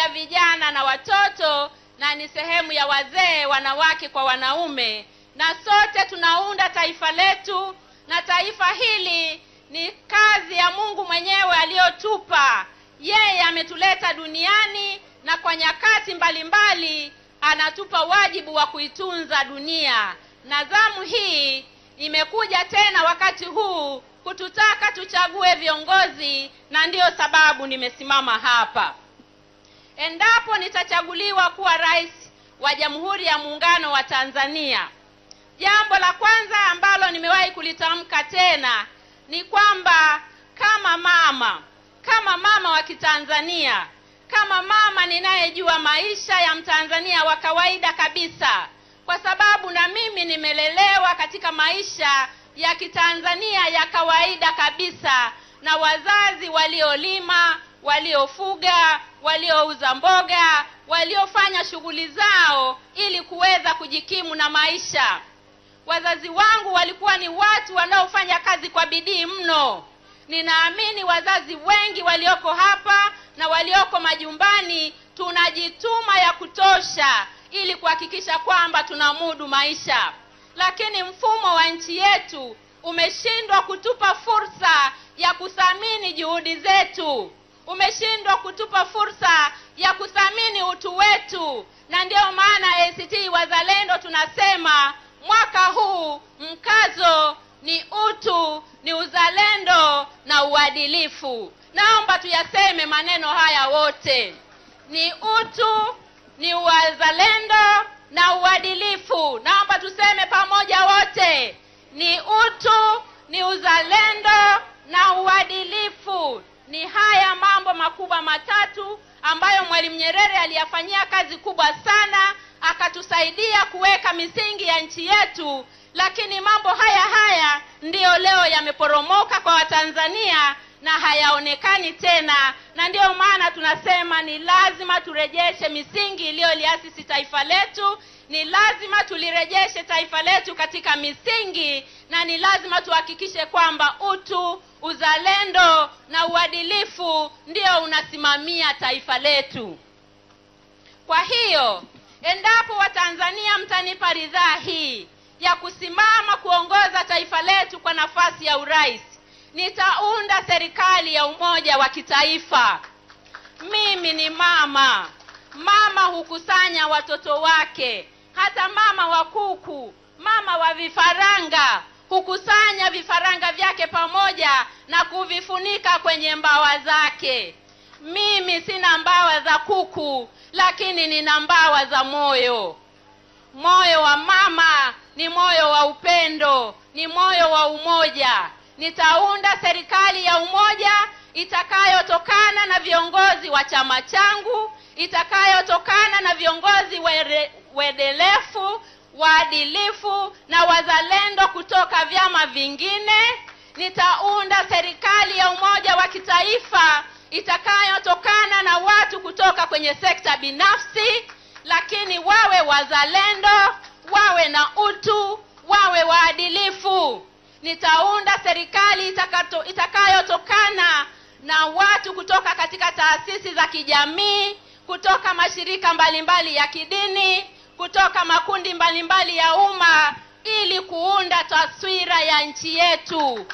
ya vijana na watoto na ni sehemu ya wazee, wanawake kwa wanaume, na sote tunaunda taifa letu, na taifa hili ni kazi ya Mungu mwenyewe aliyotupa. Yeye ametuleta duniani na kwa nyakati mbalimbali anatupa wajibu wa kuitunza dunia, na zamu hii imekuja tena wakati huu kututaka tuchague viongozi, na ndiyo sababu nimesimama hapa endapo nitachaguliwa kuwa rais wa Jamhuri ya Muungano wa Tanzania, jambo la kwanza ambalo nimewahi kulitamka tena ni kwamba kama mama, kama mama wa Kitanzania, kama mama ninayejua maisha ya Mtanzania wa kawaida kabisa, kwa sababu na mimi nimelelewa katika maisha ya Kitanzania ya kawaida kabisa na wazazi waliolima waliofuga, waliouza mboga, waliofanya shughuli zao ili kuweza kujikimu na maisha. Wazazi wangu walikuwa ni watu wanaofanya kazi kwa bidii mno. Ninaamini wazazi wengi walioko hapa na walioko majumbani tunajituma ya kutosha ili kuhakikisha kwamba tunamudu maisha, lakini mfumo wa nchi yetu umeshindwa kutupa fursa ya kuthamini juhudi zetu umeshindwa kutupa fursa ya kuthamini utu wetu, na ndiyo maana ACT Wazalendo tunasema mwaka huu mkazo ni utu, ni uzalendo na uadilifu. Naomba tuyaseme maneno haya wote: ni utu, ni uzalendo na uadilifu. Naomba tuseme pamoja wote, ni utu, ni uzalendo ni haya mambo makubwa matatu ambayo Mwalimu Nyerere aliyafanyia kazi kubwa sana, akatusaidia kuweka misingi ya nchi yetu, lakini mambo haya haya ndiyo leo yameporomoka kwa Watanzania na hayaonekani tena, na ndiyo maana tunasema ni lazima turejeshe misingi iliyoliasisi taifa letu. Ni lazima tulirejeshe taifa letu katika misingi, na ni lazima tuhakikishe kwamba utu uzalendo na uadilifu ndio unasimamia taifa letu. Kwa hiyo endapo Watanzania mtanipa ridhaa hii ya kusimama kuongoza taifa letu kwa nafasi ya urais, nitaunda serikali ya umoja wa kitaifa. Mimi ni mama. Mama hukusanya watoto wake, hata mama wa kuku, mama wa vifaranga kukusanya vifaranga vyake pamoja na kuvifunika kwenye mbawa zake. Mimi sina mbawa za kuku, lakini nina mbawa za moyo. Moyo wa mama ni moyo wa upendo, ni moyo wa umoja. Nitaunda serikali ya umoja itakayotokana na viongozi wa chama changu, itakayotokana na viongozi were, wedelefu waadilifu na wazalendo kutoka vyama vingine. Nitaunda serikali ya umoja wa kitaifa itakayotokana na watu kutoka kwenye sekta binafsi, lakini wawe wazalendo, wawe na utu, wawe waadilifu. Nitaunda serikali itakayotokana na watu kutoka katika taasisi za kijamii, kutoka mashirika mbalimbali mbali ya kidini kutoka makundi mbalimbali mbali ya umma ili kuunda taswira ya nchi yetu.